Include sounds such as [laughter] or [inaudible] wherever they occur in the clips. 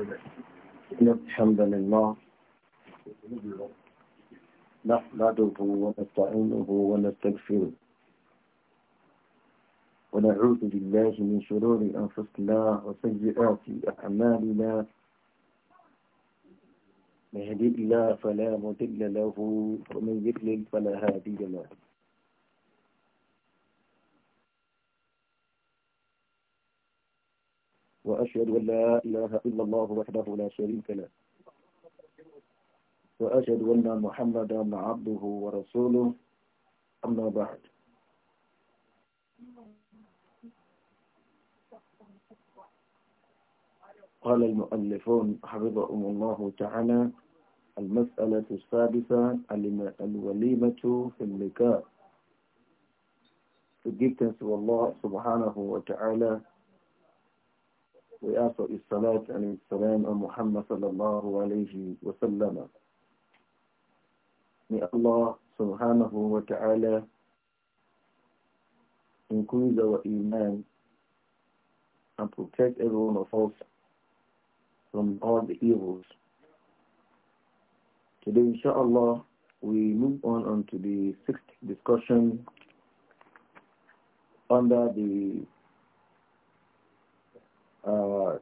الحمد لله نحمده ونستعينه ونستغفره ونعوذ بالله من شرور أنفسنا وسيئات أعمالنا من يهدي الله فلا مضل له ومن يضلل فلا هادي له وأشهد أن لا إله إلا الله وحده لا شريك له وأشهد أن محمدا عبده ورسوله أما بعد قال المؤلفون حفظهم الله تعالى المسألة السادسة الوليمة في النكاح Forgiveness to Allah subhanahu wa ta'ala we ask for his salat and salam on Muhammad sallallahu alayhi wa sallam. May Allah subhanahu wa ta'ala increase our iman and protect everyone of us from all the evils. Today, inshallah, we move on, on to the sixth discussion under the uh,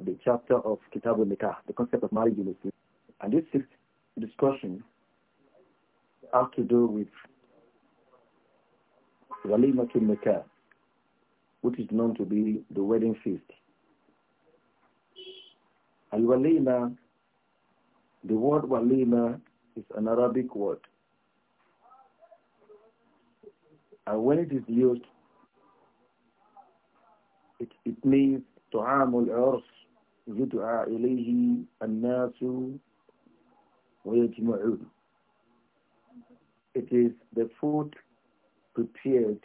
the chapter of Kitab al-Nikah, the concept of marriage in Islam. And this discussion has to do with Walimatul Nikah, which is known to be the wedding feast. Al-Walima, the word Walima is an Arabic word and when it is used, it it means to harm earth due to ilahi and nasu It is the food prepared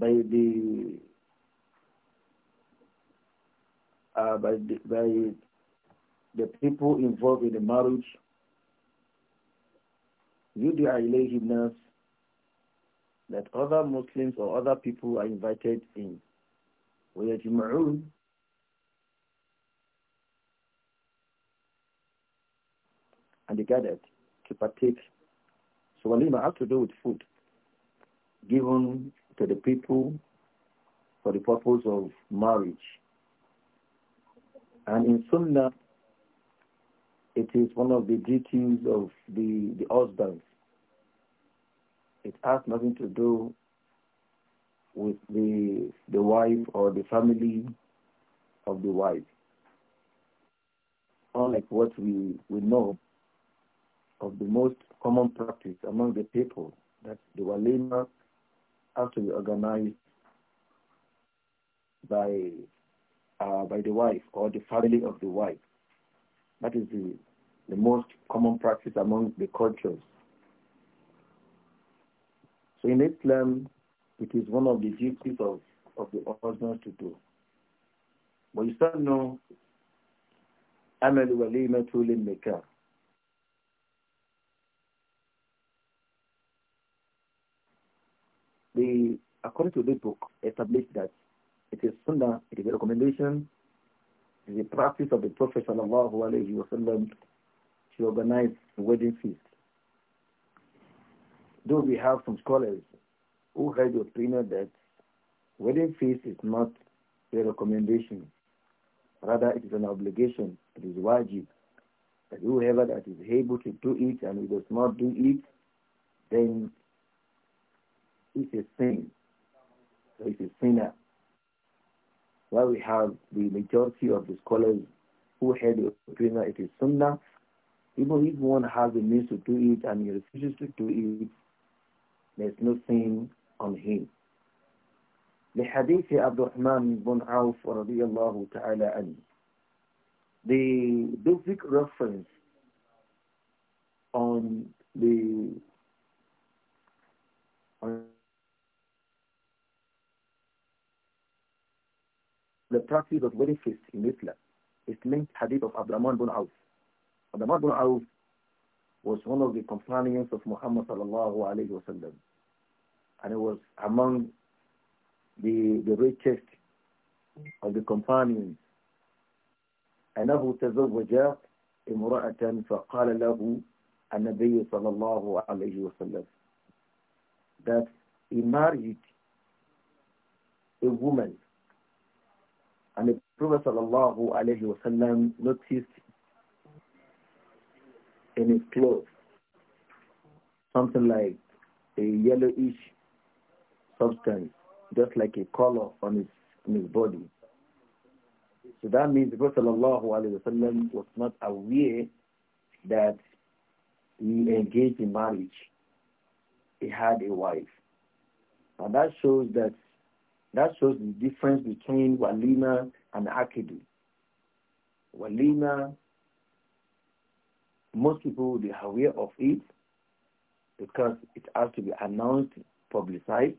uh, by the by the people involved in the marriage. with do ilahi nasu that other Muslims or other people are invited in. ويجمعون and they gathered to partake. So walima has to do with food given to the people for the purpose of marriage. And in Sunnah, it is one of the duties of the, the husband it has nothing to do with the, the wife or the family of the wife. Unlike what we, we know of the most common practice among the people that the walima has to be organized by uh, by the wife or the family of the wife. That is the, the most common practice among the cultures so in Islam, it is one of the duties of, of the husband to do. ويسن عمل وليمة للنكاح The, according to this book, established that it is sunnah, it is a recommendation, it is a practice of the Prophet sallallahu alayhi wa to organize the wedding feast. Though we have some scholars who had the opinion that wedding feast is not a recommendation, rather it is an obligation, it is wajib, that whoever that is able to do it and he does not do it, then it's a sin. So it's a sinner. While we have the majority of the scholars who had the opinion that it is sunnah, even if one has the means to do it and he refuses to do it, there is nothing on him. لحديث عبد الرحمن بن عوف رضي الله تعالى عنه the basic reference on the the practice of wedding feast in Islam is linked hadith of Abdurrahman bin Auf. Abdurrahman bin Auf was one of the companions of Muhammad sallallahu alayhi wa sallam. And he was among the, the richest of the companions. أنه تزوج امرأة فقال له النبي صلى الله عليه وسلم that he married a woman and the Prophet صلى الله عليه وسلم noticed in his clothes. Something like a yellowish substance, just like a color on his, on his body. So that means the Prophet ﷺ was not aware that he engaged in marriage. He had a wife. And that shows that that shows the difference between Walima and Akidu. Walima most people, will be aware of it because it has to be announced, publicized,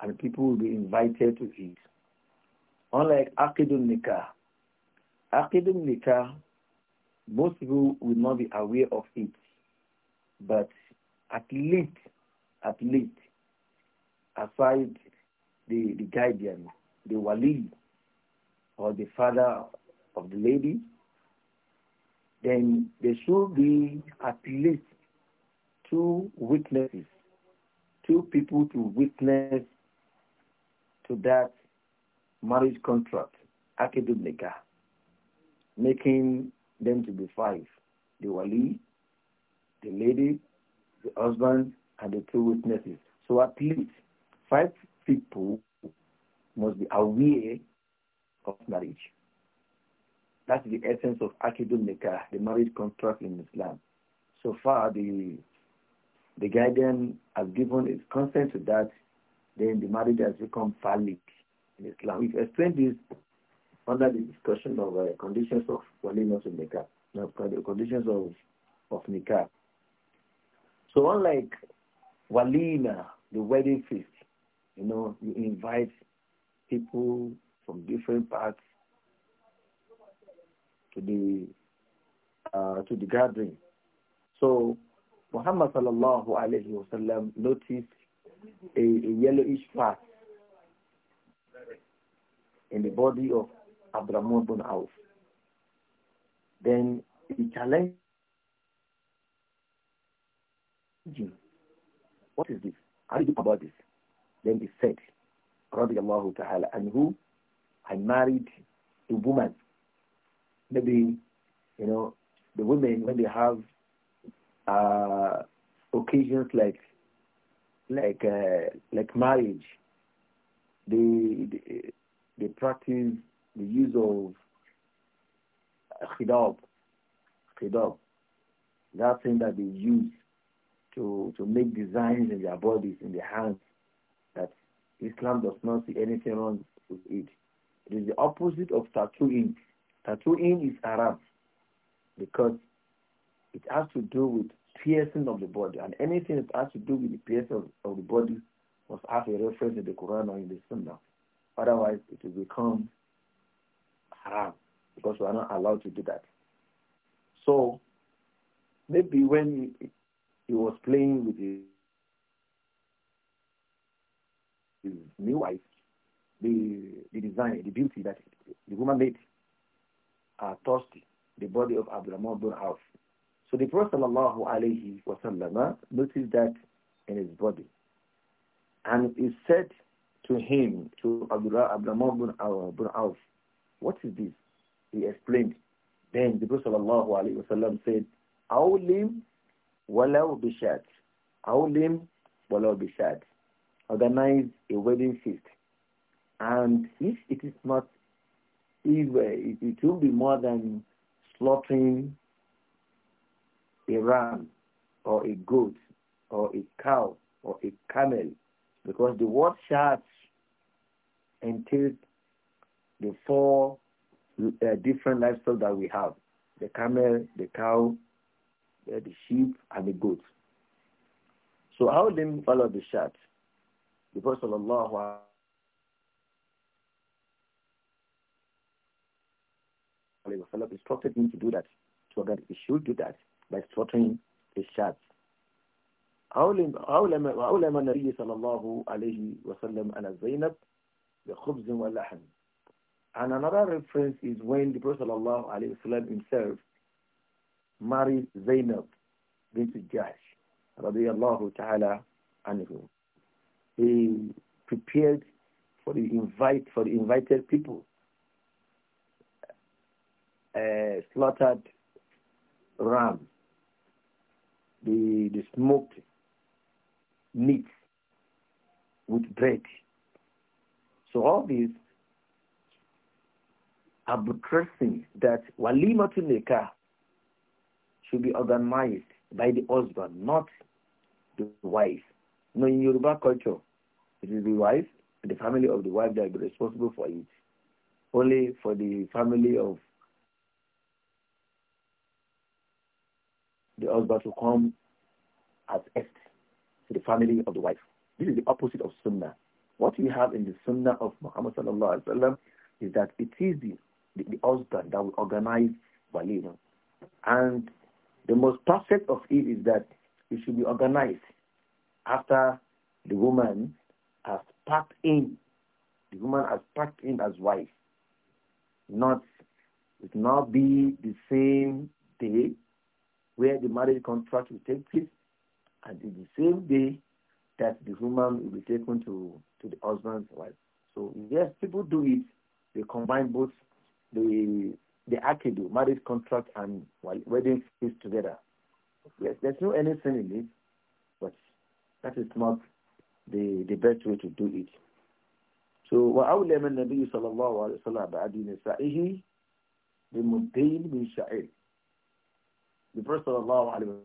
and people will be invited to it. Unlike Akidun Nikah. Akidun most people will not be aware of it. But at least, at least, aside the, the guardian, the wali, or the father of the lady, then there should be at least two witnesses, two people to witness to that marriage contract, akidul making them to be five, the wali, the lady, the husband, and the two witnesses. So at least five people must be aware of marriage. That's the essence of Akidul Nikah, the marriage contract in Islam. So far, the, the guardian has given his consent to that, then the marriage has become valid in Islam. We've explained this under the discussion of uh, conditions of walinos and nikah, the conditions of, of nikah. So unlike walina, the wedding feast, you know, you invite people from different parts to the uh, to the gathering. So Muhammad sallallahu alayhi sallam noticed a, a yellowish spot in the body of Abdurrahman bin Auf. Then he challenged what is this? How do you about this? Then he said, رضي Taala and who I married a woman maybe, you know, the women, when they have uh, occasions like like uh, like marriage, they, they, they practice the use of khidab, khidab, that thing that they use to to make designs in their bodies, in their hands. That Islam does not see anything wrong with it. It is the opposite of tattooing. Tattooing is haram because it has to do with piercing of the body. And anything that has to do with the piercing of, of the body must have a reference in the Quran or in the Sunnah. Otherwise, it will become haram because we are not allowed to do that. So maybe when he, he was playing with his, his new wife, the, the design, the beauty that the woman made are thirsty, the body of Abdurrahman bin Auf. So the Prophet wasallam eh, noticed that in his body. And he said to him, to Abdurrahman bin Auf, what is this? He explained. Then the Prophet wasallam said, Awlim walau bishat. Awlim walau bishat. Organize a wedding feast. And if it is not if it, will be more than slaughtering a ram or a goat or a cow or a camel because the word shards entails the four uh, different lifestyles that we have, the camel, the cow, uh, the sheep, and the goat. So how then follow the verse of Allah. alayhi instructed him to do that, so that he should do that by slaughtering his shards. أولم النبي صلى الله عليه وسلم على زينب بخبز ولحم. And another reference is when the Prophet صلى الله عليه وسلم himself married Zainab bint Jahsh رضي الله تعالى عنه. He prepared for the invite for the invited people uh, slaughtered ram, the, the smoked meat with bread. So all these are that walima to should be organized by the husband, not the wife. You know, in Yoruba culture, it is the wife and the family of the wife that will be responsible for it. Only for the family of the husband to come as est to the family of the wife. This is the opposite of sunnah. What we have in the sunnah of Muhammad sallallahu alaihi wasallam is that it is the, the, the husband that will organize walima. And the most perfect of it is that it should be organized after the woman has packed in. The woman has packed in as wife. Not, it not be the same day where the marriage contract will take place, and in the same day that the woman will be taken to, to the husband's wife. So yes, people do it. They combine both the the akidu, marriage contract, and wedding feast together. Yes, there's no any sin in it, but that is not the the best way to do it. So وأولى من النبي صلى الله عليه وسلم بعد نسائه بمدين من شعير the Prophet sallallahu alaihi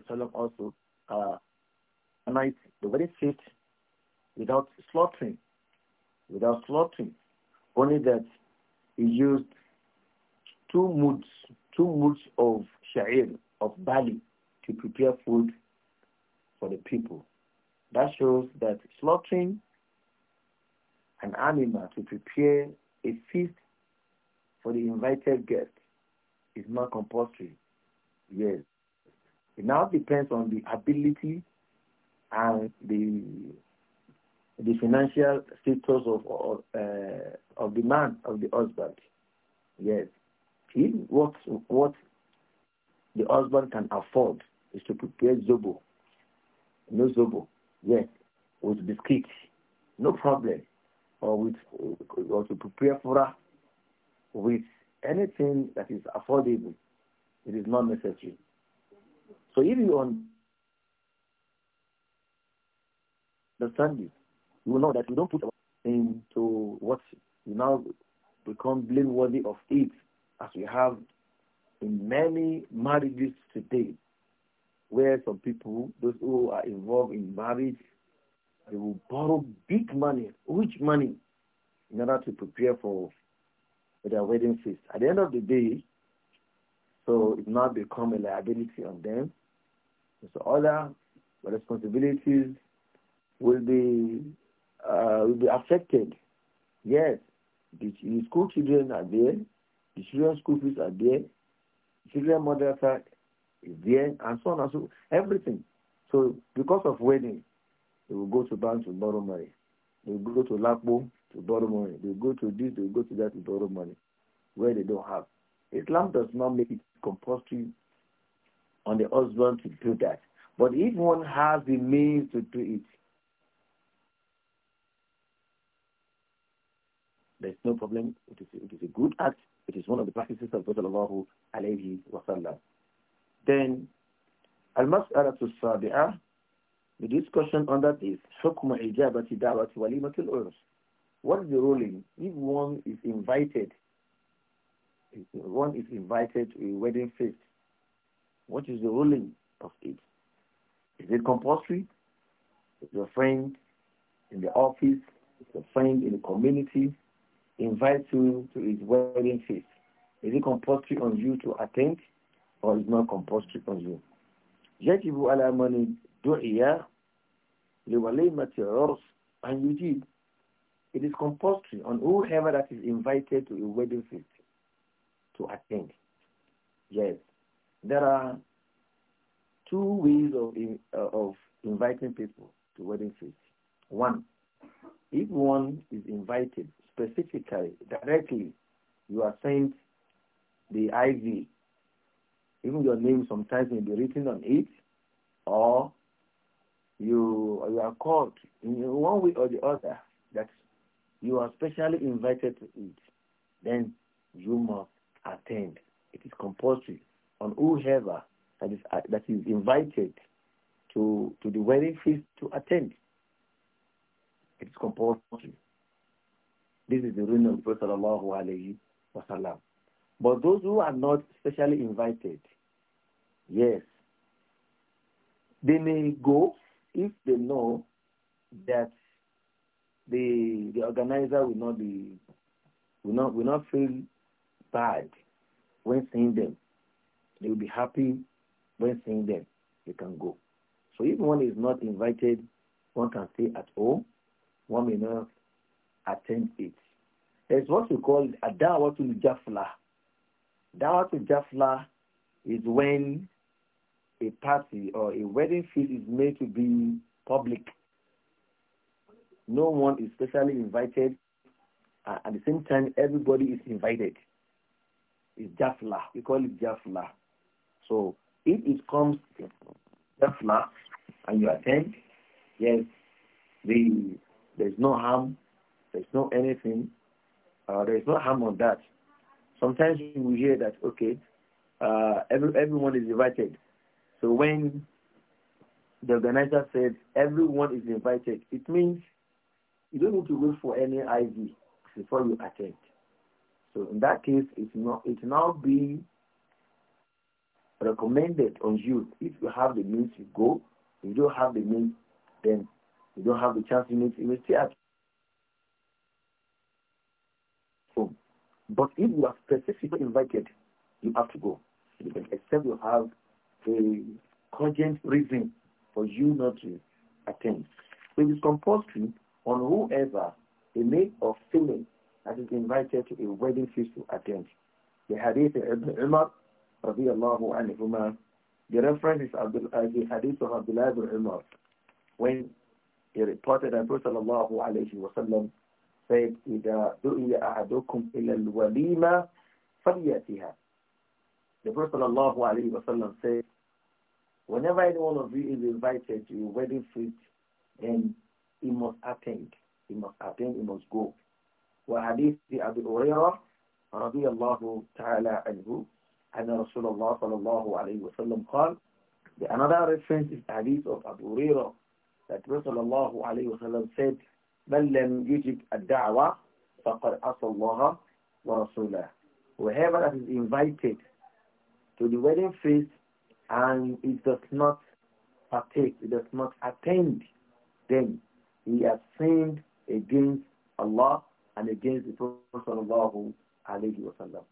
wasallam also uh, night the very feast without slaughtering, without slaughtering. Only that he used two moods, two moods of sha'ir, of Bali to prepare food for the people. That shows that slaughtering an animal to prepare a feast for the invited guest is not compulsory. Yes. It now depends on the ability and the the financial status of of, uh, of the man of the husband. Yes, if what what the husband can afford is to prepare zobo, no zobo, yes, with biscuit, no problem, or with or to prepare fura, with anything that is affordable, it is not necessary. So if you understand this, you will know that you don't put into what you now become blameworthy of it, as we have in many marriages today, where some people, those who are involved in marriage, they will borrow big money, huge money, in order to prepare for their wedding feast. At the end of the day, so it now become a liability on them. So other responsibilities will be uh, will be affected. Yes, the, the school children are there, the children's school fees are there, the children madrasa is there, and so on and so everything. So because of wedding, they will go to banks to borrow money. They will go to Lakbo to borrow money. They go to this, they go to that to borrow money where they don't have. Islam does not make it compulsory on the husband to do that. But if one has the means to do it, there's no problem. It is, it is a good act. It is one of the practices of Prophet alayhi wa sallam. Then, al to sabi'ah, the discussion on that is, حُكْمُ إِجَابَةِ دَعْوَةِ وَلِيمَةِ الْأُرْسِ what is the ruling? If one is invited, if one is invited to a wedding feast, what is the ruling of it? Is it compulsory? Is your friend in the office, Is your friend in the community invites you to his wedding feast? Is it compulsory on you to attend or is not compulsory on you? يجب على من دعي لوليمة عرس أن يجيب it is compulsory on whoever that is invited to a wedding feast to attend. Yes, there are two ways of, uh, of inviting people to wedding feast. One, if one is invited specifically, directly, you are sent the IV. Even your name sometimes may be written on it, or you, you are called in one way or the other That's you are specially invited to it. Then you must attend. It is compulsory on whoever that is, uh, that is invited to, to the wedding feast to attend. It is compulsory. This is the ruling of Prophet Sallallahu But those who are not specially invited, yes, they may go if they know that the the organizer will not be will not will not feel bad when seeing them. They will be happy when seeing them. They can go. So if one is not invited, one can stay at home. One may not attend it. There's what we call a dawatul jafla. Dawatul jafla is when a party or a wedding feast is made to be public no one is specially invited. Uh, at the same time, everybody is invited. It's jafla. We call it jafla. So if it comes jafla and you attend, yes, the, there's no harm. There's no anything. Uh, there's no harm on that. Sometimes we hear that, okay, uh, every, everyone is invited. So when the organizer said everyone is invited, it means you don't need to go for any IV before you attend. So in that case, it's not it's now being recommended on you. If you have the means, you go. If you don't have the means, then you don't have the chance. You need you will stay at home. But if you are specifically invited, you have to go. Except you have a cogent reason for you not to attend. So it is compulsory on whoever, a male or female, that is invited to a wedding feast to attend. The hadith of Ibn Umar, radiallahu anhuma, the reference is uh, the hadith of Abdullah ibn Umar, when he reported that Prophet sallallahu alayhi wa sallam said, إِذَا دُعِيَ أَحَدُكُمْ إِلَى الْوَلِيمَةِ فَلْيَأْتِهَا The Prophet sallallahu alayhi wa sallam said, whenever any one of you is invited to a wedding feast, then he must attend. He must attend, he must go. وحديث أبي هريرة رضي الله تعالى عنه أن رسول الله صلى الله عليه وسلم قال The another reference is hadith of Abu Hurairah that Rasul Allah عليه وسلم said من لم يجب الدعوة فقد أصى الله ورسوله Whoever that is invited to the wedding feast and it does not partake, it does not attend, then he has sinned against Allah and against the Prophet sallallahu alayhi wa sallam.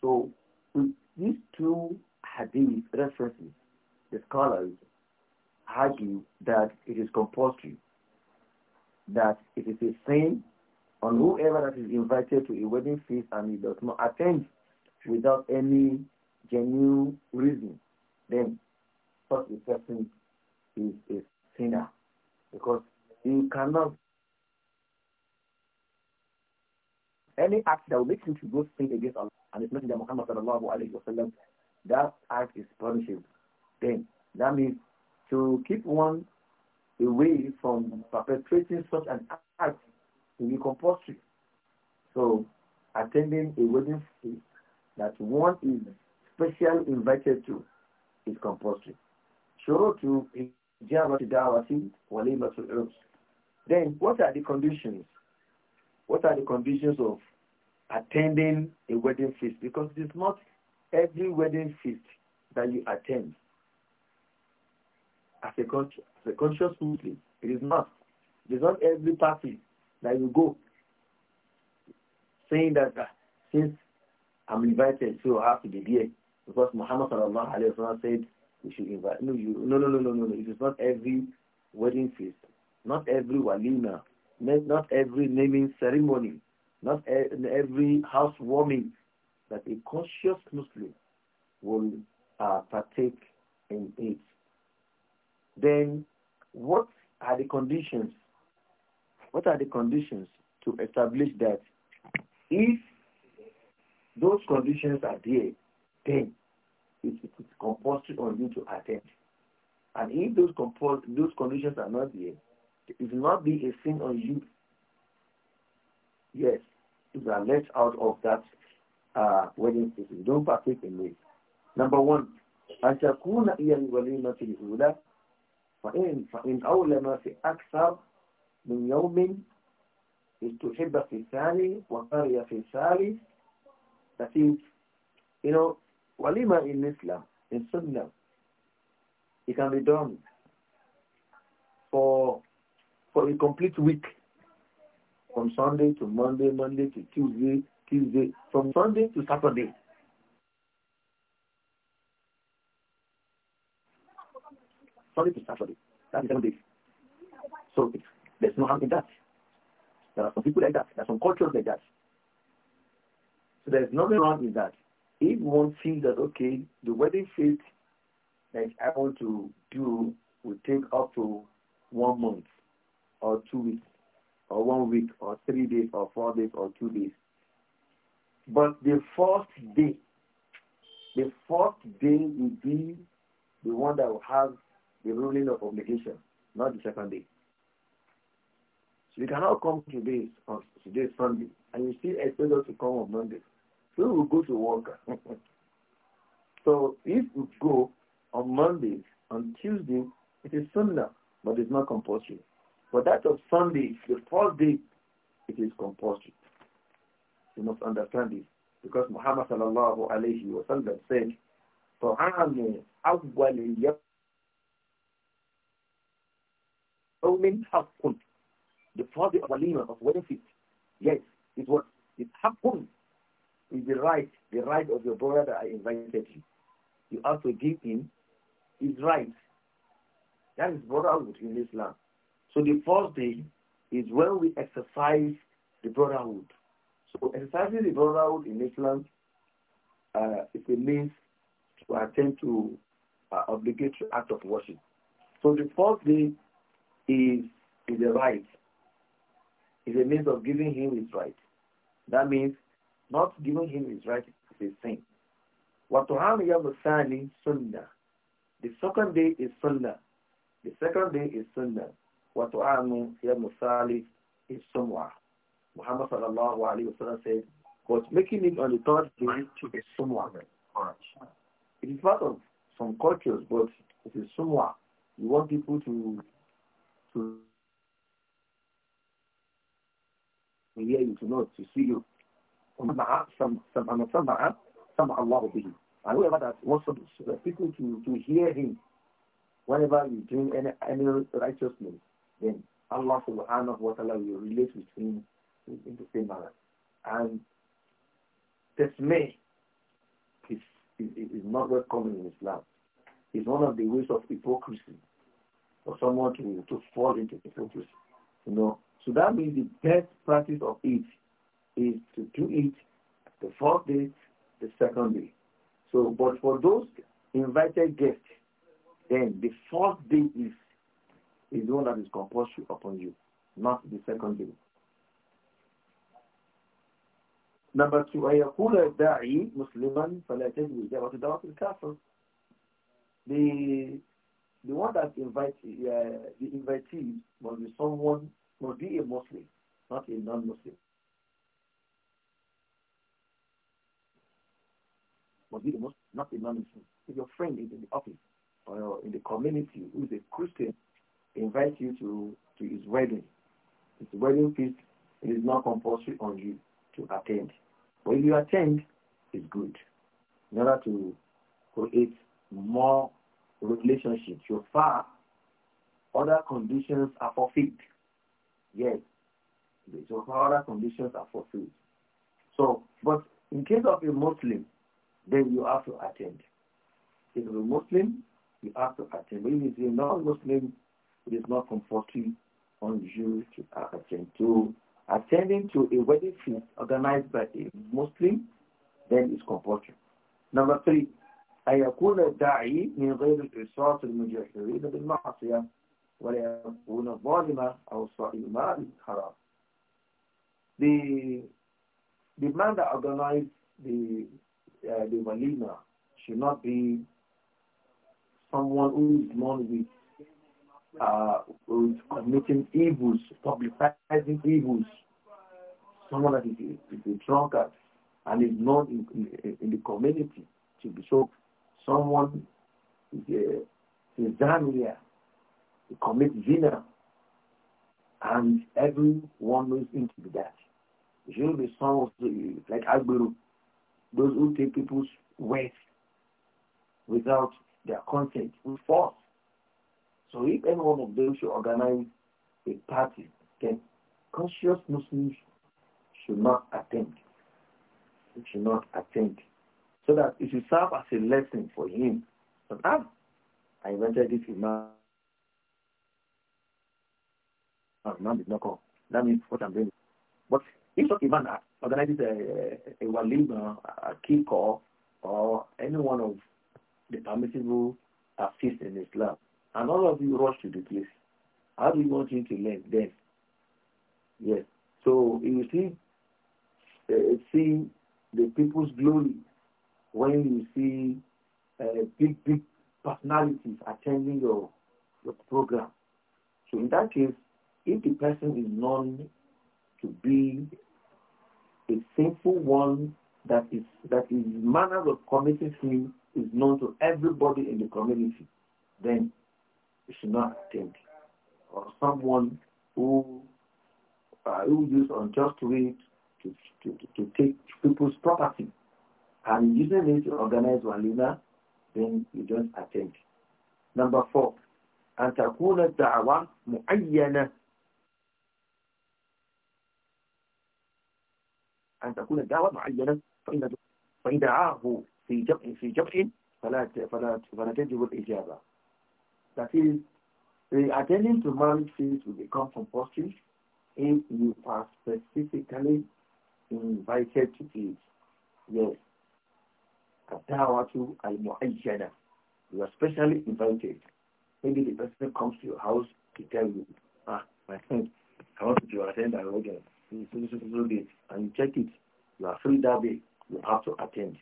So with these two hadith references, the scholars argue that it is compulsory, that it is a sin on whoever that is invited to a wedding feast and he does not attend without any genuine reason, then such a person is a sinner because you cannot. Any act that will make you to go sin against Allah and it's that Muhammad sallallahu alayhi wa sallam, that act is punishable. Then, that means to keep one away from perpetrating such an act will be compulsory. So, attending a wedding feast that one is specially invited to is compulsory. Sure to إجابة دعوة وليمة العرس then what are the conditions? What are the conditions of attending a wedding feast? Because it is not every wedding feast that you attend as a, as a conscious Muslim. It is not. It is not every party that you go saying that uh, since I'm invited, so I have to be there. Because Muhammad sallallahu alayhi wa sallam said we should invite. No, you, no, no, no, no, no. It is not every wedding feast not every walima, not every naming ceremony, not every housewarming that a conscious Muslim will uh, partake in it. Then what are the conditions? What are the conditions to establish that if those conditions are there, then it is compulsory on you to attend. And if those, those conditions are not there, it will not be a sin on you. Yes, you are let out of that uh, wedding season. Don't partake in it. Number one, أن تكون هي الوليمة الأولى فإن فإن أولم في أكثر من يوم استحب في الثاني وقري في الثالث That is, you know, walima in Islam, in Sunnah, it can be done for for a complete week. From Sunday to Monday, Monday to Tuesday, Tuesday, from Sunday to Saturday. Sunday to Saturday. That's seven days. So there's no harm in that. There are some people like that. There are some cultures like that. So there's nothing wrong with that. If one feels that, okay, the wedding fit, that I want to do will take up to one month, or two weeks or one week or three days or four days or two days. But the first day, the first day will be the one that will have the ruling of obligation, not the second day. So you cannot come today on today's Sunday and you still expect us to come on Monday. So we will go to work. [laughs] so if we go on Monday, on Tuesday, it is similar, but it's not compulsory. For that of Sunday, the first day, it is compulsory. You must understand this. Because Muhammad sallallahu alayhi wa sallam said, طَعَامُ أَوَّلِ يَوْمٍ حَقٌ The fourth day of Walima, of wedding feast, yes, it was, it's حَقٌ is the right, the right of your brother that I invited you. You have to give him his right. That is brotherhood in Islam. So the first day is when we exercise the brotherhood. So exercising the brotherhood in Islam uh, is a means to attend to uh, obligatory act of worship. So the fourth day is, is a right. Is a means of giving him his right. That means not giving him his right is a sin. وَطُعَامِ يَوْمَ الثَّانِي sunnah. The second day is sunnah. The second day is sunnah. وَطُعَامُ يَوْمُ الثَّالِثِ is Muhammad sallallahu alayhi wa sallam said, but making it on the third day to be sumwa. It is part of some cultures, but it is sumwa. You want people to to hear you, to know, to see you. Some some some Allah be. And whoever that wants people to, to hear him, whenever you doing any, any righteousness, then Allah subhanahu wa ta'ala will relate with him in, the same manner. And this may is, is, is not welcome in Islam. It's one of the ways of hypocrisy for someone to, to fall into hypocrisy. You know, so that means the best practice of it is to do it the fourth day, the second day. So, but for those invited guests, then the fourth day is is the one that is compulsory upon you, not the second one. Number two, I يقول الداعي مسلما فلا تجوز دعوة دعوة الكافر. The the one that invites uh, the invitee must be someone must be a Muslim, not a non-Muslim. Must be a Muslim, not a non-Muslim. If your friend is in the office or in the community who is a Christian, invite you to, to his wedding. His wedding feast it is not compulsory on you to attend. But if you attend, it's good. In order to create more relationships, so far other conditions are fulfilled. Yes, so far other conditions are fulfilled. So, but in case of a Muslim, then you have to attend. If you're a Muslim, you have to attend. But if you're a non-Muslim, it is not compulsory on you to uh, attend to. Attending to a wedding feast organized by a Muslim, then it's compulsory. Number three, أن يكون الداعي من غير الإسراف المجحرين بالمعصية ولا يكون ظالما أو صائما بالحرام. The the man that organized the uh, the walima should not be someone who is known with uh, committing evils, publicizing evils. Someone that is, is a drunkard and is not in, in, in, the community to be so. Someone is a, is a Zambia, he commits zina, and everyone knows into that. It should be someone uh, like Agbero, those who take people's wealth without their consent, with force. So if any one of them should organize a party, then conscious Muslims should not attend. They should not attend. So that it should serve as a lesson for him. But I, I invented this imam. imam did not come. That means what I'm doing. But if not imam organizes a, a, a walima, a kick or any one of the permissible feasts in Islam, and all of you rush to the place. How do you want him to learn then? Yes. So you see, uh, see the people's glory when you see uh, big, big personalities attending your, your program. So in that case, if the person is known to be a sinful one that is that his manner of committing sin is known to everybody in the community, then you should not think. Or someone who uh, who use unjust way to, to, to, take people's property and using it to organize walima, then you don't attend. Number four, أن تكون الدعوة معينة أن تكون الدعوة معينة فإن فإن دعاه في جمع في جمع فلا فلا فلا تجب الإجابة That is, the attending to marriage fees will become compulsory if you are specifically invited to it. Yes. Adawatu al-mu'ayyana. You are specially invited. Maybe the person comes to your house to tell you, ah, my friend, I want you to attend our wedding. It's so, so, so And you check it. You are free that day. You have to attend.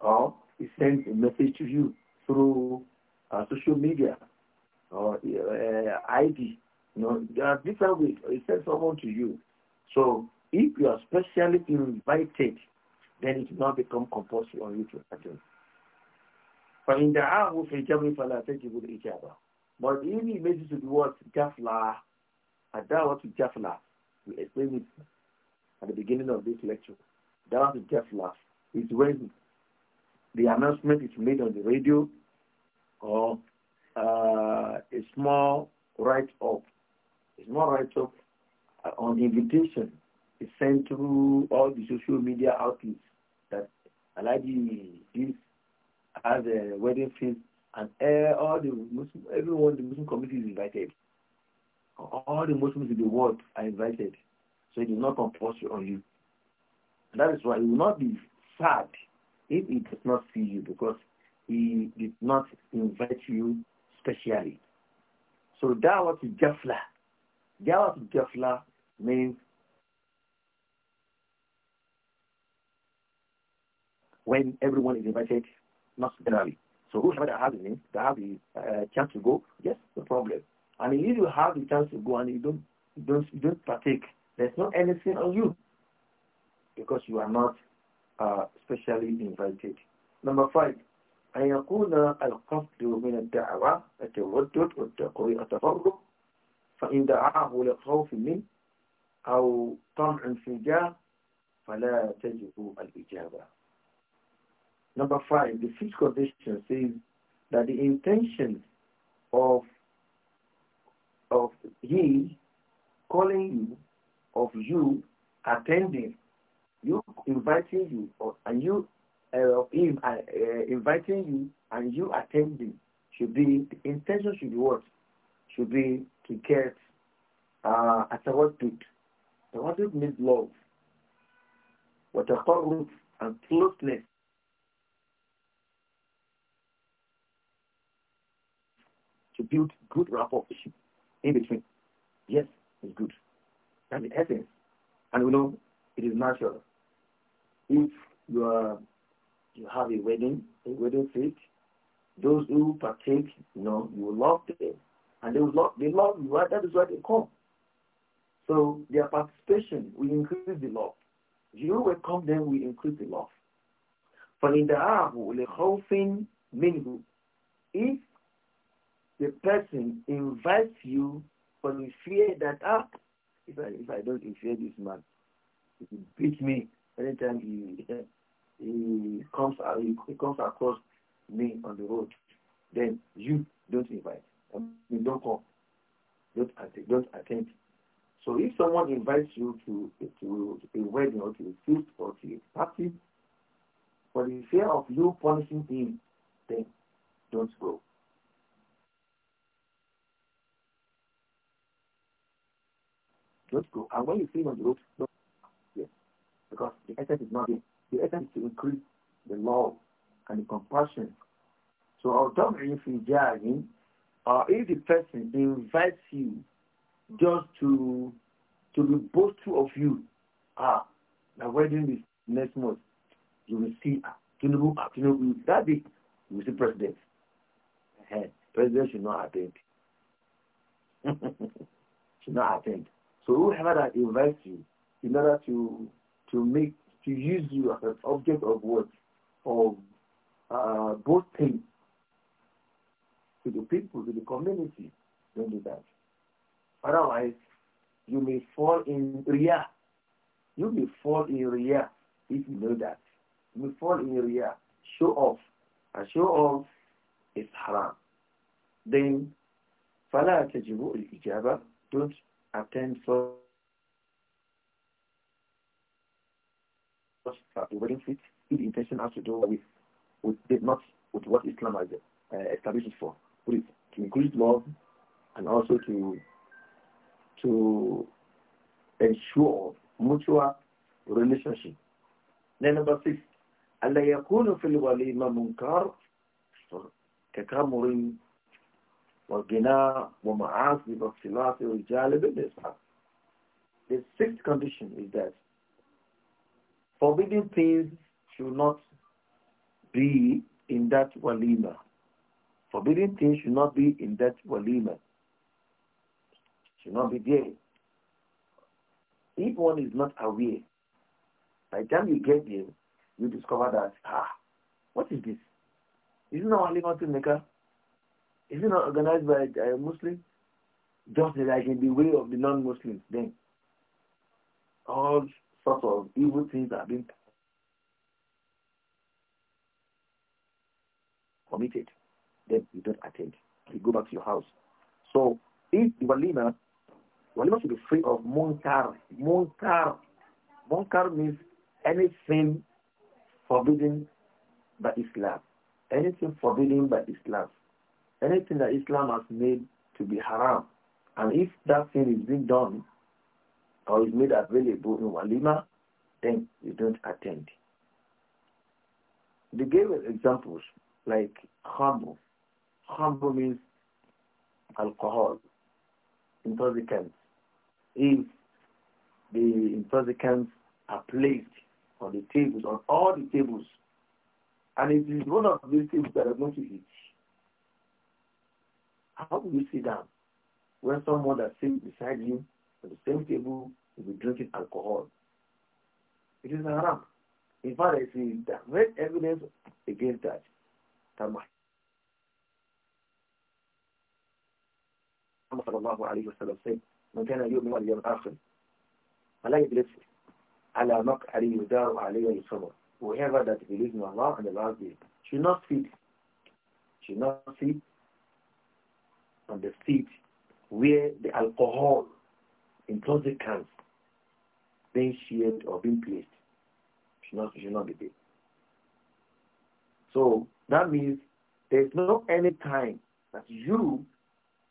Or he sends a message to you through uh, social media, or uh, ID. You know, there are different ways. It sends someone to you. So if you are specially invited, then it will not become compulsory on you to attend. But in فإن دعاه في الجمع فلا تجب الإجابة. But if he makes it to the word jafla, adawa to jafla, we explained it at the beginning of this lecture. Adawa to jafla is when the announcement is made on the radio or uh, a small write-up, a small write-up uh, on invitation is sent through all the social media outlets that Aladi is has a wedding feast and eh, all the Muslim, everyone, the Muslim community is invited. All the Muslims in the world are invited. So it is not compulsory on you. And that is why it will not be sad if it does not see you because he did not invite you specially. So dawah to jafla. Dawah to jafla means when everyone is invited, not generally. So whoever has name, have the uh, chance to go, yes, no problem. And if you have the chance to go and you don't, you don't, you don't partake, there's not anything on you because you are not uh, specially invited. Number five, أن يكون القصد من الدعوة التردد التفرق فإن دعاه لخوف أو طمع في فلا الإجابة. Number five, the fifth condition says that the intention of of he calling you, of you attending, you inviting you, or, and you uh, of him uh, uh, inviting you and you attending should be, the intention should be what? Should be to get uh, at tawasdud. Tawasdud means love. What a taqarrub and closeness. To build good rapport in between. Yes, it's good. That's the essence. And we know it is natural. If you are you have a wedding, a wedding feast, those who partake, you know, you will love them. And they will love, they love you, right? That is why they come. So their participation will increase the love. You welcome them, we increase the love. whole thing, مِنْهُ If the person invites you but we fear that, ah, if I, if I don't fear this man, he will beat me anytime he, he comes, he comes across me on the road, then you don't invite. I don't come. Don't attend. Don't attend. So if someone invites you to, to a wedding or to a feast or to a party, for the fear of you punishing him, then don't go. Don't go. And when you see him on the road, don't. Yes. Because the essence is not there the attempt to increase the love and the compassion. So our dominant in uh, if the person invites you just to to be two of you, are ah, the wedding is next month, you will see ah, Tinubu, uh, Tinubu, that day, you will see president. Uh, president should not attend. [laughs] should not attend. So whoever that invites you in order to to make to use you as an object of what? Of uh, both things to the people, to the community. Don't do that. Otherwise, you may fall in riyah. You may fall in riyah if you know that. You may fall in riyah. Show off. And show off is haram. Then, فَلَا تَجِبُوا الْإِجَابَةِ Don't attend so such that the wedding feast, if the intention has to do with, with not with what Islam has uh, established for, which is to increase love and also to to ensure mutual relationship. Then number six, ألا يكون في الوليمة منكر كتمر وغناء ومعاصي واختلاف الرجال بالنسبة. The sixth condition is that Forbidden things should not be in that walima. Forbidden things should not be in that walima. Should not be there. If one is not aware, by the time you get there, you discover that, ah, what is this? Isn't our walima to Mecca? Is it not organized by a Muslim? Just like in the way of the non-Muslims then. All sort of evil things that have been committed, then you don't attend. You go back to your house. So if walima, walima should be free of munkar. Munkar, munkar means anything forbidden by Islam. Anything forbidden by Islam. Anything that Islam has made to be haram. And if that thing is being done or is made available in Walima, then you don't attend. They gave examples like Khamru. Khamru means alcohol, intoxicants. If the intoxicants are placed on the tables, on all the tables, and it is one of these tables that are going to eat, how will you sit down when someone that sits beside you on the same table, you'll be drinking alcohol. It is haram. In fact, there is direct evidence against that. Tamah. صلى الله عليه وسلم said من كان يؤمن واليوم الآخر فلا يجلس على مقعد يدار عليه يصبر whoever that believes in Allah and the last day should not sit should not sit on the seat where the alcohol in plastic cans being shared or being placed should not, should not be there. So that means there's no any time that you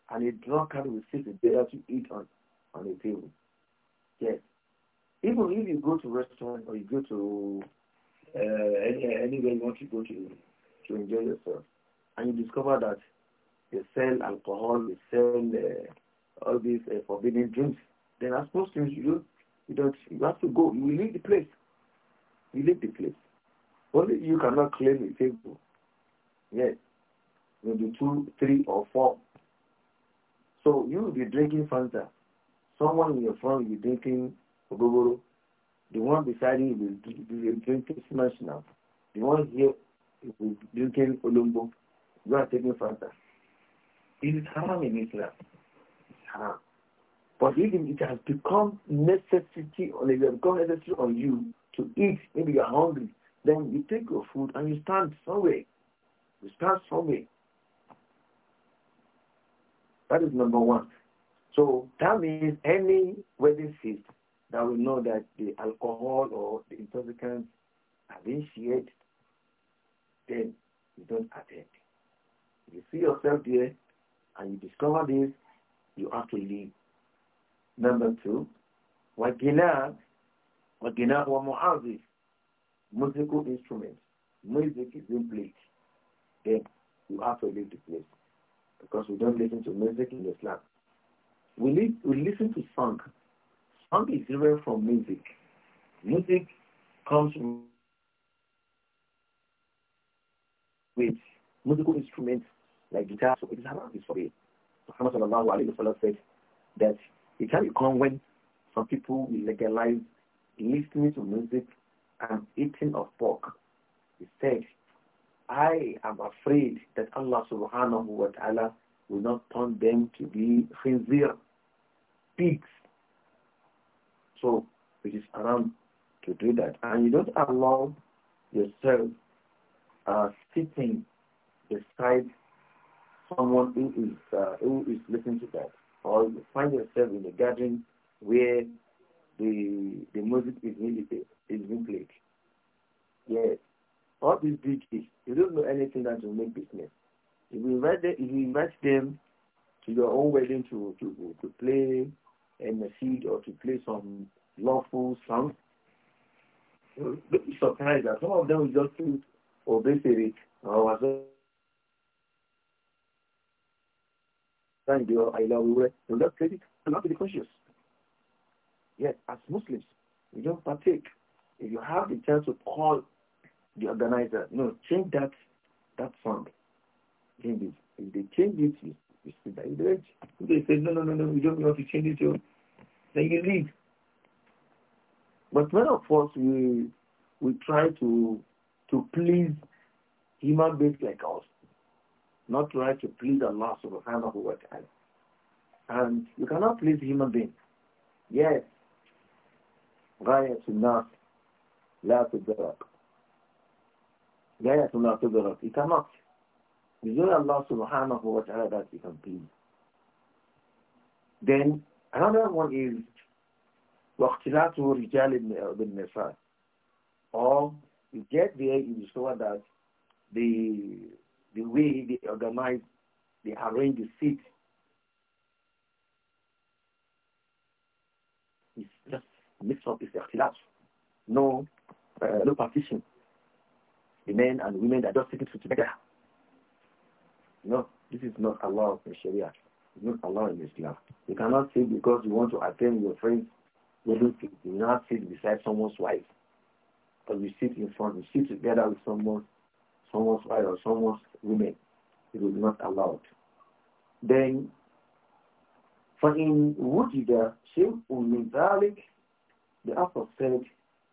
and a drunkard will sit together to eat on, on a table. Yes. Even if you go to restaurant or you go to uh, any, anywhere you want to go to to enjoy yourself, and you discover that they sell alcohol, they sell uh, all these uh, forbidden drinks, Then as Muslims, you don't, you don't, you have to go. You leave the place. You leave the place. Only you cannot claim a favor. Yes. Maybe two, three, or four. So you will be drinking Fanta. Someone in your front will be drinking Ogogoro. The one beside you will be drinking Smash now. The one here will be drinking Olombo. You are taking Fanta. It is haram in Islam. It's haram. But even it has become necessity or it has become necessary on you to eat, maybe you're hungry, then you take your food and you stand somewhere. You stand somewhere. That is number one. So that means any wedding feast that we know that the alcohol or the intoxicants are being then you don't attend. If you see yourself there and you discover this, you have to leave Number two, وَجِنَاء وَجِنَاء وَمُعَذِفْ Musical instruments. Music is being Then you have to leave the place because we don't listen to music in Islam. We, li we listen to song. Song is different from music. Music comes with musical instruments like guitar, so it is haram is forbidden. Muhammad sallallahu alayhi wa sallam said that it can come when some people will legalize listening to music and eating of pork. He said, I am afraid that Allah subhanahu wa ta'ala will not turn them to be khinzir, pigs. So it is around to do that. And you don't allow yourself uh, sitting beside someone who is, uh, who is listening to that or you find yourself in a garden where the the music is really is being played. Yes. All these beauties, you don't know anything that will make business. If you invite them, invite them to your own wedding to to to play and a seed or to play some lawful songs, don't be surprised that some of them will just obey oh, it or whatever. Thank you. I love you don't credit and not be conscious yet as Muslims we don't partake if you have the chance to call the organizer no change that that song change it if they change it you, you still die the rage if they say no no no no we don't want to change it oh. then you leave but none of us we we try to to please human beings like us not try to please Allah subhanahu wa ta'ala. And you cannot please human beings. Yes. غاية الناس لا تدرك. غاية لا تدرك. You cannot. It's only Allah subhanahu wa ta'ala that you can please. Then another one is واختلاط رجال بالنساء. Or you get there, you discover that the the way they organize, they arrange the seat. It's just mix up, it's ikhtilaf. No, uh, no partition. The men and women are just sitting together. No, this is not allowed in Sharia. It's not allowed in Islam. You cannot sit because you want to attend your friend's wedding. You not sit beside someone's wife. but you sit in front, you sit together with someone, someone's wife or someone's women. It was not allowed. Then, فَإِنْ وُجِدَ شَيْءٌ مِنْ ذَلك The apostle said,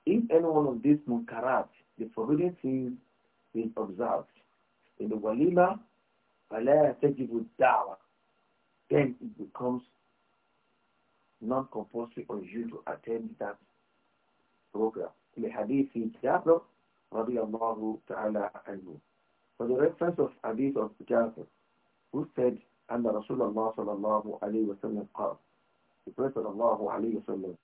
if any one of these munkarat, the forbidden things, is observed in the walima, فَلَا تَجِبُ الدَّعْوَةِ Then it becomes non-compulsory on you to attend that program. In the hadith, Jabir رضي الله تعالى عنه for the reference of Hadith of Jafar, who said, "And the Rasulullah صلى الله عليه وسلم قال, the Prophet of Allah عليه وسلم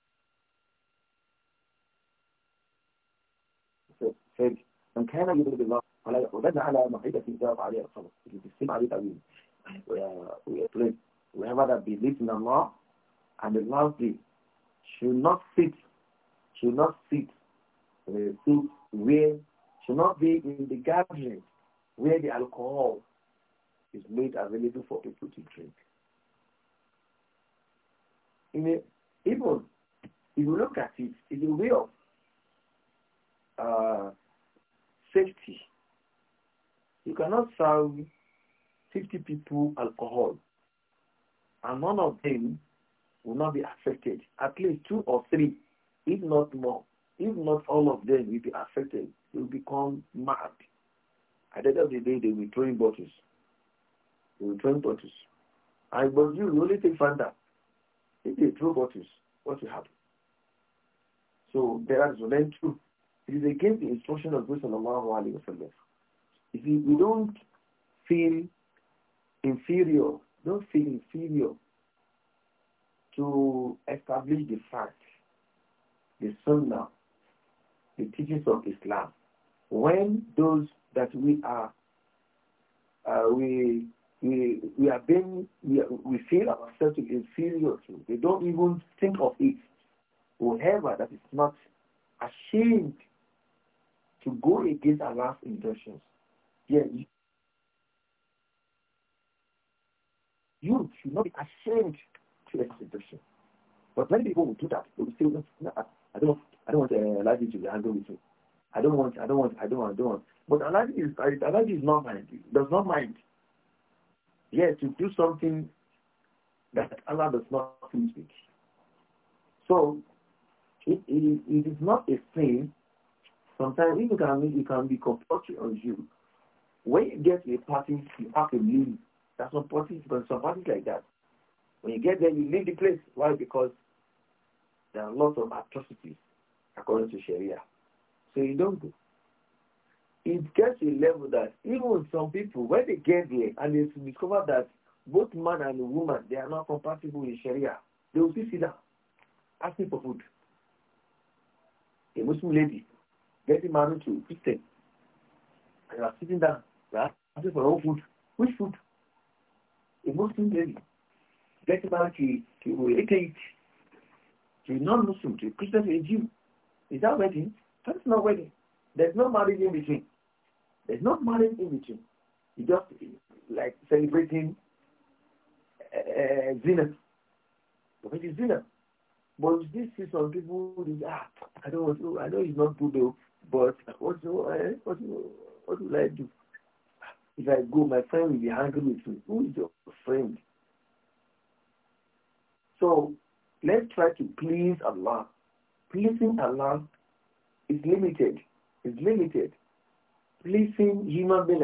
said, من كان يريد الله فلا يقعدن على مقعدة جاب عليه الصلاة. It is the same Hadith that uh, we explained. Whoever that believes in Allah and the last day should not sit, should not sit, uh, sit where, should not be in the gathering where the alcohol is made available for people to drink. In a, even if you look at it, it's a way of uh, safety. You cannot serve 50 people alcohol and none of them will not be affected. At least two or three, if not more, if not all of them will be affected. They will become mad at the end of the day, they will throwing bottles. They will throwing bottles. And but you only take Fanta. If they throw bottles, what will happen? So there is then two. It is against the instruction of Prophet Sallallahu Alaihi Wasallam. If we don't feel inferior, don't feel inferior to establish the fact, the sunnah, the teachings of Islam. When those that we are uh, we we we are being we, are, we feel ourselves to be inferior to. We don't even think of it. Whoever that is not ashamed to go against Allah's intentions, yeah, you, you should not be ashamed to express intention. But many people will do that. They will say, no, I don't, I don't want uh, life to be handled with me. I don't want, I don't want, I don't want, I don't want. But Allah is, Allah is not mind. He does not mind. Yes, you do something that Allah does not please with. So, it, it, it is not a sin. Sometimes it can, it can be compulsory on you. When you get to a party, you have to leave. That's not party, but some parties like that. When you get there, you leave the place. Why? Because there are lots of atrocities according to Sharia. So you don't go. It gets a level that even some people, when they get there and they discover that both man and woman, they are not compatible in Sharia, they will still sit down, asking for food. A Muslim lady getting married to a Christian, and they are sitting down, right? are asking for all food. Which food? A Muslim lady getting married to, to a to non-Muslim, to a Christian, to a Jew. Is that wedding? Right? That's not wedding. There's no marriage in between. There's no marriage in between. You just like celebrating uh, zenith. But it is zenith. But this is some people who ah, I don't know, I know it's not good though, but what, eh, what, what will I do? If I go, my friend will be angry with me. Who is your friend? So let's try to please Allah. Pleasing Allah is limited. Is limited. Pleasing human being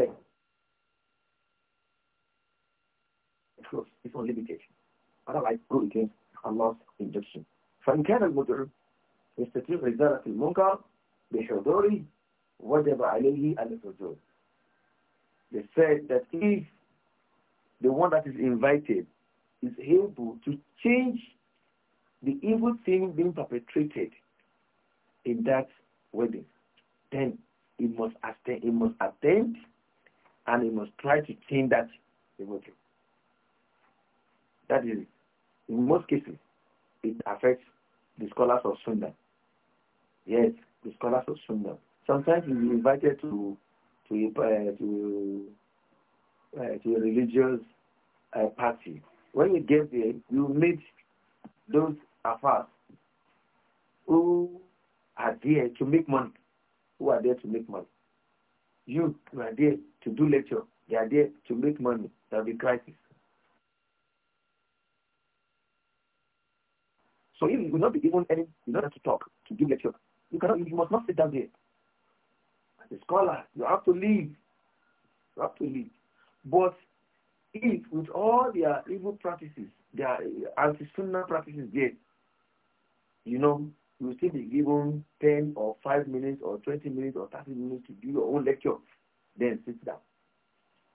it's is unlimited. Otherwise, go against Allah's injunction. فإن كان المدعو يستطيع إزالة المنكر بحضوره وجب عليه الحضور. They said that if the one that is invited is able to change the evil thing being perpetrated in that wedding, then he must attend, he must attend and he must try to change that remotely. That is In most cases, it affects the scholars of Sunnah. Yes, the scholars of Sunnah. Sometimes he's invited to to uh, to, uh, to a religious uh, party. When you get there, you meet those afars who are there to make money, who are there to make money. You, you are there to do lecture, they are there to make money. There will be crisis. So you will not be given any, you don't have to talk, to give lecture. You cannot, you must not sit down there. As a scholar, you have to leave. You have to leave. But if with all their evil practices, their anti-sunnah practices there, you know, you will still be given ten or five minutes or twenty minutes or thirty minutes to do your own lecture, then sit down.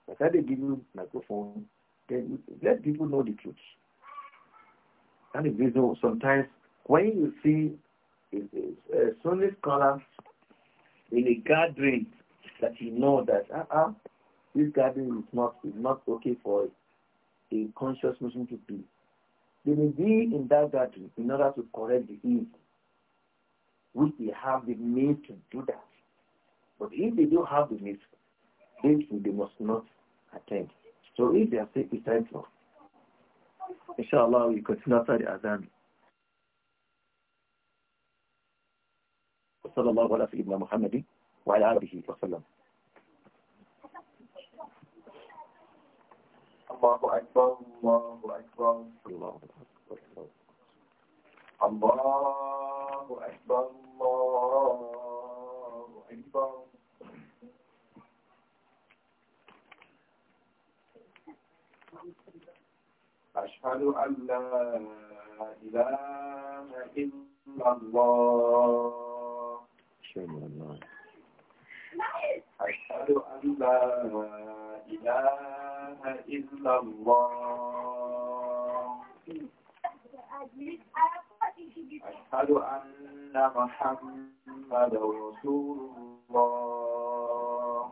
But if they give you microphone, then let people know the truth. And the reason sometimes when you see a Sunday scholar in a gathering that you know that uh-uh, this gathering is not is not okay for a conscious Muslim to be. They may be in that gathering in order to correct the evil which they have the means to do that. But if they don't have the means, then they must not attend. So if they are sick, it's time for. Inshallah, we continue after the Azan. صلى الله على سيدنا محمد وعلى آله وسلم الله أكبر الله أكبر الله أكبر الله الله أكبر الله أكبر أشهد أن لا إله إلا الله أشهد أن لا أشهد أن لا إله إلا الله أشهد أن محمد رسول الله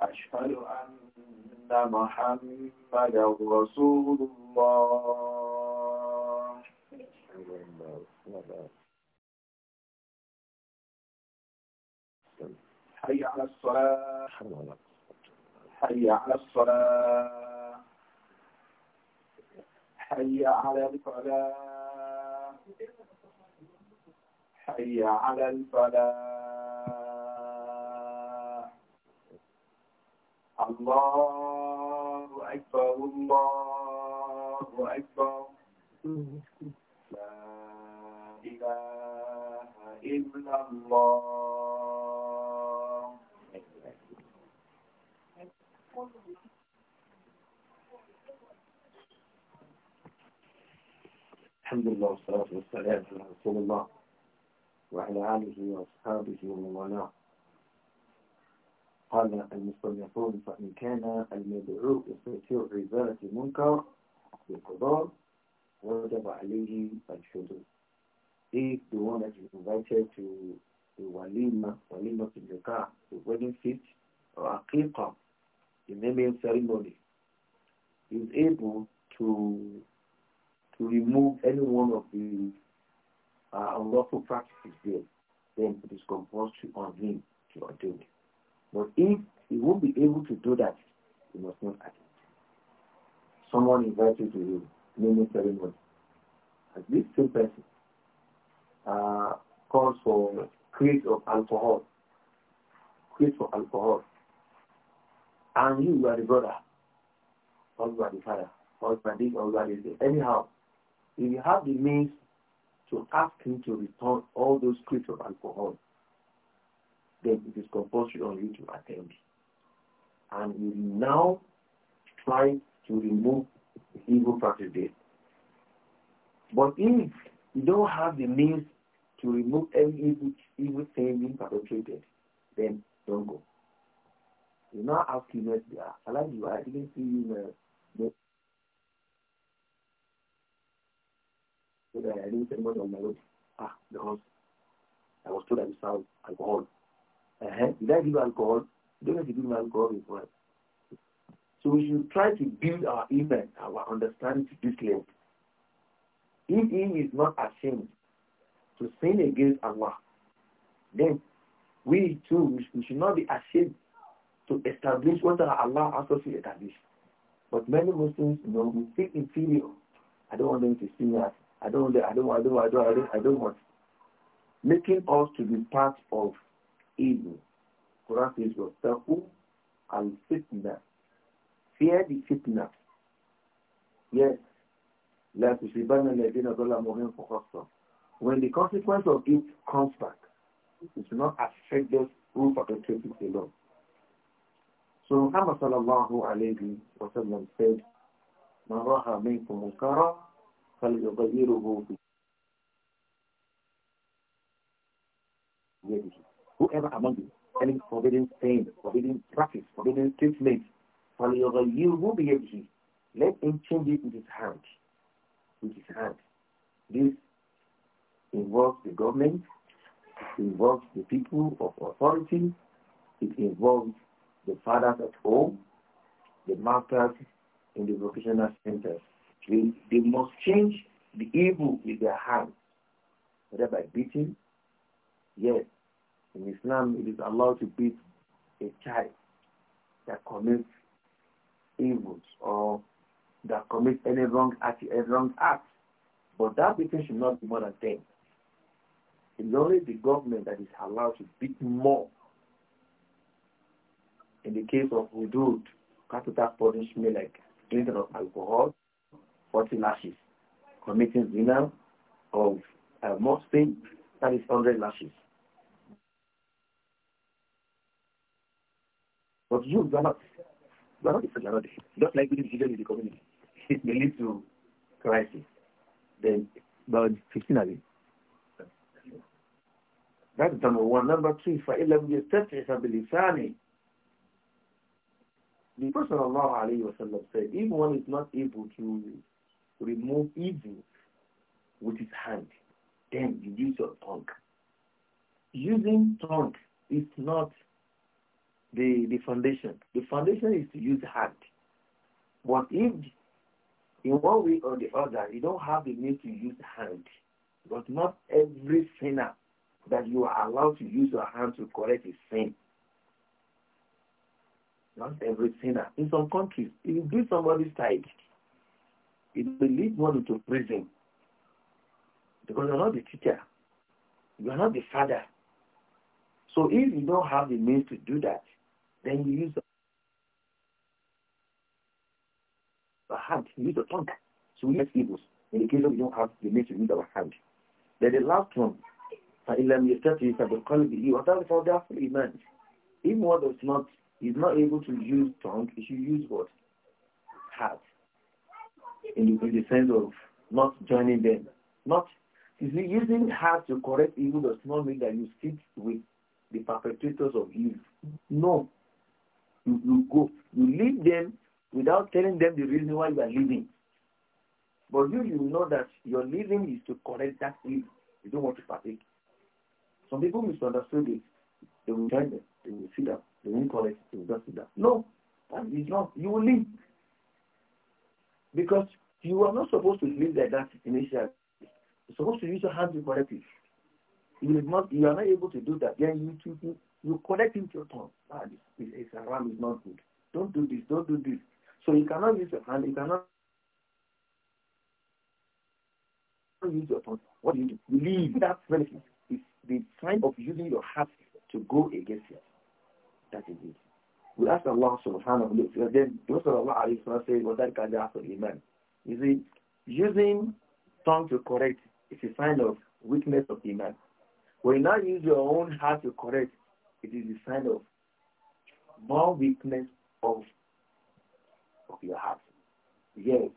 أشهد أن محمد رسول الله حي على الصلاة حي على الصلاة حي على الفلاح حي على الفلاح الله أكبر الله أكبر لا إله إلا الله الحمد لله والصلاة والسلام على رسول الله وعلى آله وأصحابه ومن والاه قال المصنفون فإن كان المدعو يستطيع إزالة المنكر بالقضاء وجب عليه الحدود If the one that is invited to the walima, walima to nikah, the wedding feast, or aqiqah, the naming ceremony, is able to to remove any one of the uh, unlawful practices there, then it is compulsory on him to ordain it. But if he won't be able to do that, he must not attend. Someone invited to the naming ceremony. And this same person uh, calls for crate of alcohol. Crate for alcohol. And you, are the brother. Or you are the father. Or you are this, or you are the Anyhow, if you have the means to ask him to return all those crates of alcohol, then it is compulsory on you to attend. And you now try to remove evil practice there. But if you don't have the means to remove every evil, evil thing being perpetrated, then don't go. You now ask him, Allah, you, I didn't see you. there. Uh, so that I didn't spend money on my road. Ah, because I was told I would sell alcohol. Uh-huh. Did I give alcohol? Don't have to give alcohol in front. So we should try to build our iman, our understanding to this level. If he is not ashamed to sin against Allah, then we too we should not be ashamed to establish what Allah asks us to establish. But many Muslims, you know, we feel inferior. I don't want them to see me as I don't, I don't, I don't, I don't, I don't, I don't want. Making us to be part of evil. Quran says, "Wattaqu al-fitna." Fear the fitna. Yes. لا تشربن الذين ظلموا for خاصة. When the consequence of it comes back, it will not affect those who the it alone. So Muhammad sallallahu alayhi wa sallam said, من رأى منكم منكرا فَلْيُغَيِّرُهُ بِيَدِهِ Whoever among you, any forbidden thing, forbidden practice, forbidden treatment, فَلْيُغَيِّرُهُ بِيَدِهِ Let him change it with his hand. With his hand. This involves the government, involves the people of authority, it involves the fathers at home, the masters in the vocational centers. They, they must change the evil with their hands, whether by beating. Yes, in Islam it is allowed to beat a child that commits evils or that commits any wrong act, any wrong act. But that beating should not be more than 10. It's only the government that is allowed to beat more. In the case of hudud, capital punishment like drinking of alcohol, 40 lashes. Committing zina of uh, most thing, that is 100 lashes. But you, you are not. You are not a Just, just like we did in the community. It [laughs] may lead to crisis. Then, about 15 of That's number one. Number two, فَإِنْ لَمْ يَسْتَفْعِ Sani, The Prophet Allah said, if one is not able to remove evil with his hand then you use your tongue. Using tongue is not the, the foundation. The foundation is to use hand. But if in one way or the other you don't have the need to use hand, but not every sinner that you are allowed to use your hand to correct is sin. Not every sinner. In some countries, if you do somebody's side, it will lead one into prison. Because you're not the teacher. You're not the father. So if you don't have the means to do that, then you use the hand, you use the tongue. So we have evils. In the case of you don't have the means to use our hand. Then the last one, فإن لم يستطيع فبقلبه وذلك هو ضعف iman. If one does not, is not able to use tongue, he should use what? Heart in, in the sense of not joining them. Not, you see, using hard to correct evil does not mean that you sit with the perpetrators of evil. No. You, you go, you leave them without telling them the reason why you are leaving. But you, you know that your leaving is to correct that evil. You don't want to partake. Some people misunderstood this. They will join them. They will sit down. They will correct. They will just sit down. No, that is not. You will leave. Because You are not supposed to live like that initially. You're supposed to use your hands correctly. correct You, not, you are not able to do that. Then you to, you, you correct it with your tongue. Ah, this, this, this haram is not good. Don't do this. Don't do this. So you cannot use your hand. You cannot use your tongue. What do you do? You leave that benefit. It's the time of using your heart to go against it. That is it. We ask Allah subhanahu wa ta'ala. Then, Prophet Allah alayhi wa sallam said, وَذَلْكَ جَعْفَ الْإِيمَانِ You see, using tongue to correct is a sign of weakness of man. When you now use your own heart to correct, it is a sign of more weakness of, of your heart. Yes,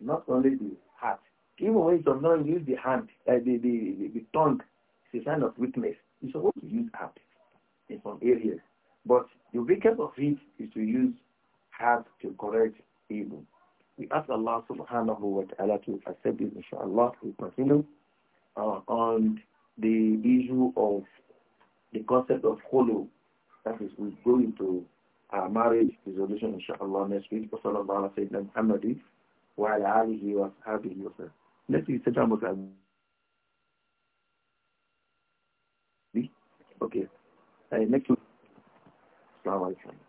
not only the heart. Even when don't use the hand, uh, the, the, the, the tongue, it's a sign of weakness. You're supposed to use heart in some areas. But the weakness of it is to use heart to correct evil. We ask Allah subhanahu wa ta'ala to accept this, inshallah, to continue uh, on the issue of the concept of holo. That is, we go into uh, marriage resolution, inshallah, next week. Sallallahu alayhi wa sallam, wa ala alihi wa sahabihi wa sallam. Let's see, Sajjah Muslim. Okay. Uh, next week. Assalamu alaikum.